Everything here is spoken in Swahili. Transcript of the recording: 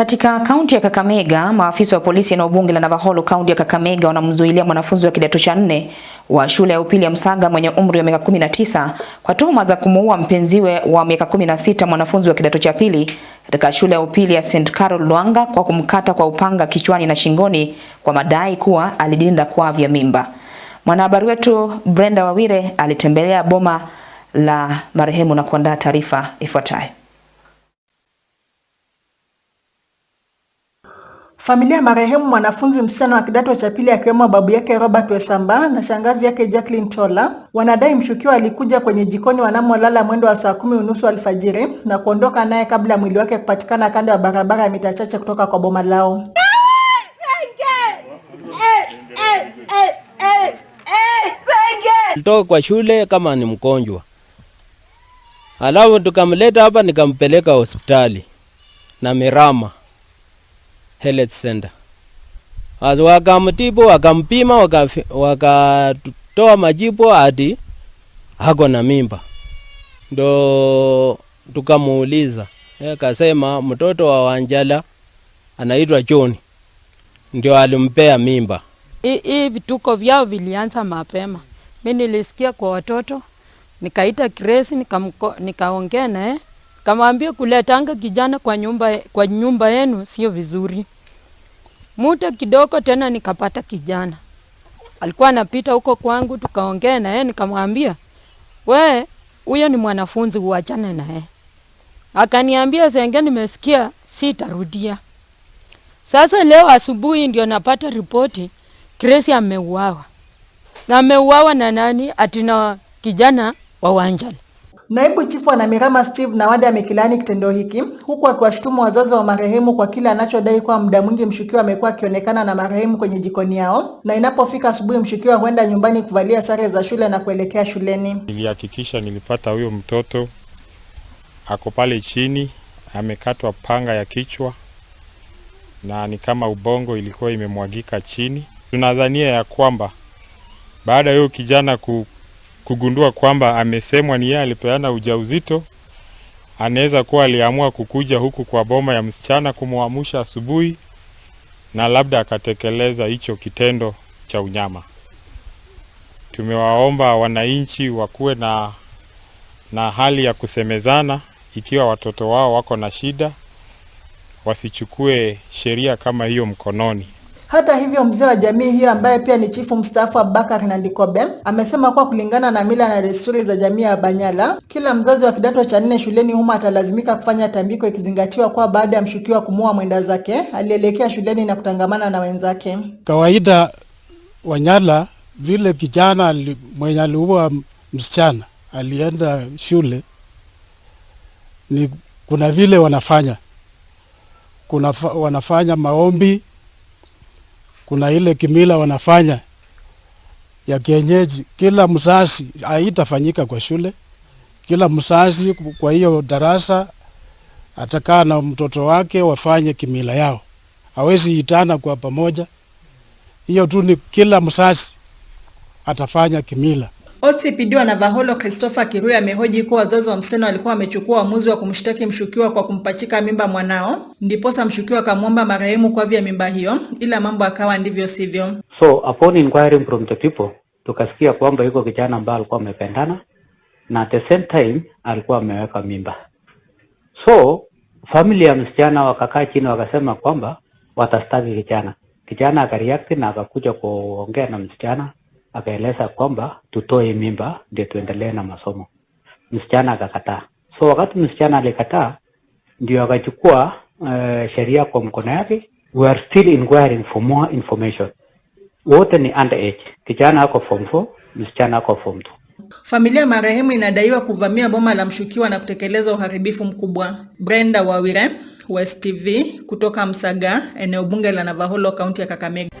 Katika kaunti ya Kakamega, maafisa wa polisi eneo bunge la Navaholo kaunti ya Kakamega wanamzuilia mwanafunzi wa kidato cha nne wa shule ya upili ya Msaga mwenye umri wa miaka 19 kwa tuhuma za kumuua mpenziwe wa miaka 16 mwanafunzi wa kidato cha pili katika shule ya upili ya St. Carol Lwanga kwa kumkata kwa upanga kichwani na shingoni kwa madai kuwa alidinda kuavya mimba. Mwanahabari wetu Brenda Wawire alitembelea boma la marehemu na kuandaa taarifa ifuatayo. Familia ya marehemu mwanafunzi msichana wa kidato cha pili akiwemo babu yake Robert Wesamba na shangazi yake Jacqueline Tola wanadai mshukiwa alikuja kwenye jikoni wanamolala mwendo wa saa kumi unusu alfajiri na kuondoka naye kabla mwili wake kupatikana kando ya barabara ya mita chache kutoka kwa boma lao. Alitoka kwa shule kama ni mgonjwa, alafu tukamleta hapa nikampeleka hospitali na Mirama Health Center. As wakamtibu wakampima, wakatoa majibu ati ako na mimba, ndo tukamuuliza akasema mtoto wa Wanjala anaitwa John ndio alimpea mimba. Hii vituko vyao vilianza mapema. Mimi nilisikia kwa watoto, nikaita Grace, nikaongea naye, kamwambia kuletanga kijana kwa nyumba, kwa nyumba yenu sio vizuri muda kidogo tena nikapata kijana alikuwa anapita huko kwangu, tukaongea naye, nikamwambia we, huyo ni mwanafunzi, uachane naye. Akaniambia zenge nimesikia sitarudia. Sasa leo asubuhi ndio napata ripoti Grace ameuawa, na ameuawa na nani? Atina kijana wa wanjani Naibu chifu wa Namirama Steve Nawade amekilaani kitendo hiki huku akiwashutumu wazazi wa marehemu kwa kile anachodai kuwa muda mwingi mshukiwa amekuwa akionekana na marehemu kwenye jikoni yao, na inapofika asubuhi mshukiwa huenda nyumbani kuvalia sare za shule na kuelekea shuleni. Nilihakikisha nilipata huyo mtoto ako pale chini, amekatwa panga ya kichwa na ni kama ubongo ilikuwa imemwagika chini. Tunadhania ya kwamba baada ya huyo kijana ku kugundua kwamba amesemwa ni yeye alipeana ujauzito. Anaweza kuwa aliamua kukuja huku kwa boma ya msichana kumwamusha asubuhi, na labda akatekeleza hicho kitendo cha unyama. Tumewaomba wananchi wakuwe na, na hali ya kusemezana. Ikiwa watoto wao wako na shida, wasichukue sheria kama hiyo mkononi. Hata hivyo, mzee wa jamii hiyo ambaye pia ni chifu mstaafu Abubakar Nandikobe amesema kuwa kulingana na mila na desturi za jamii ya Banyala, kila mzazi wa kidato cha nne shuleni humo atalazimika kufanya tambiko, ikizingatiwa kuwa baada ya mshukiwa kumua mwenda zake alielekea shuleni na kutangamana na wenzake. Kawaida Wanyala vile kijana mwenye aliua msichana alienda shule, ni kuna vile wanafanya kuna wanafanya maombi kuna ile kimila wanafanya ya kienyeji, kila mzazi haitafanyika kwa shule. Kila mzazi kwa hiyo darasa atakaa na mtoto wake wafanye kimila yao, hawezi itana kwa pamoja. Hiyo tu ni kila mzazi atafanya kimila. OCPD wa Navaholo Christopher Kirui amehoji kuwa wazazi wa msichana walikuwa wamechukua uamuzi wa kumshtaki mshukiwa kwa kumpachika mimba mwanao, ndiposa mshukiwa akamwomba marehemu kwa vya mimba hiyo, ila mambo akawa ndivyo sivyo. So upon inquiring from the people, tukasikia kwamba yuko kijana ambaye alikuwa amependana na at the same time alikuwa ameweka mimba. So familia ya msichana wakakaa chini wakasema kwamba watastaki kijana. Kijana akareact na akakuja kuongea na msichana akaeleza kwamba tutoe mimba ndio tuendelee na masomo. Msichana akakataa. So wakati msichana alikataa, ndio akachukua uh, sheria kwa mkono yake. We are still inquiring for more information. Wote ni underage, kijana ako form 4, msichana ako form 2. Familia marehemu inadaiwa kuvamia boma la mshukiwa na kutekeleza uharibifu mkubwa. Brenda Wawire, West TV, kutoka Msaga, eneo bunge la Navaholo, kaunti ya Kakamega.